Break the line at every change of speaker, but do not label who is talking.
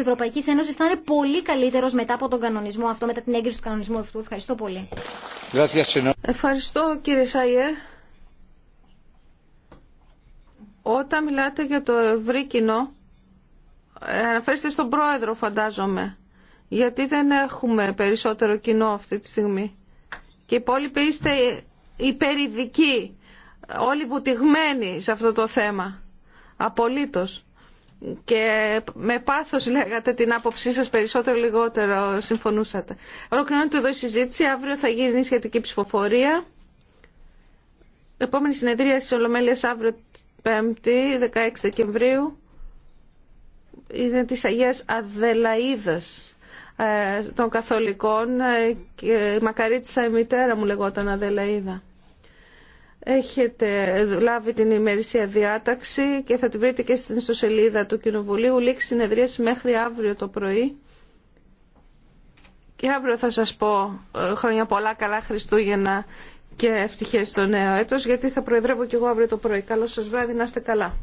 Ευρωπαϊκή Ένωση θα είναι πολύ καλύτερο μετά από τον κανονισμό αυτό, μετά την έγκριση του κανονισμού αυτού. Ευχαριστώ πολύ. Ευχαριστώ κύριε Σαΐε. Όταν μιλάτε για το ευρύ κοινό, ε, αναφέρεστε στον πρόεδρο φαντάζομαι, γιατί δεν έχουμε περισσότερο κοινό αυτή τη στιγμή. Και οι υπόλοιποι είστε υπερηδικοί, όλοι βουτυγμένοι σε αυτό το θέμα. Απολύτως και με πάθος λέγατε την άποψή σας περισσότερο λιγότερο συμφωνούσατε. Ολοκληρώνεται εδώ η συζήτηση. Αύριο θα γίνει η σχετική ψηφοφορία. Επόμενη συνεδρία της Ολομέλειας αύριο 5η, 16 Δεκεμβρίου. Είναι της Αγίας Αδελαίδας ε, των Καθολικών ε, και η μακαρίτησα η μητέρα μου λεγόταν Αδελαίδα. Έχετε λάβει την ημερήσια διάταξη και θα την βρείτε και στην ιστοσελίδα του Κοινοβουλίου. Λήξη συνεδρίαση μέχρι αύριο το πρωί. Και αύριο θα σας πω ε, χρόνια πολλά, καλά Χριστούγεννα και ευτυχές στο νέο έτος, γιατί θα προεδρεύω και εγώ αύριο το πρωί. Καλό σας βράδυ, να είστε καλά.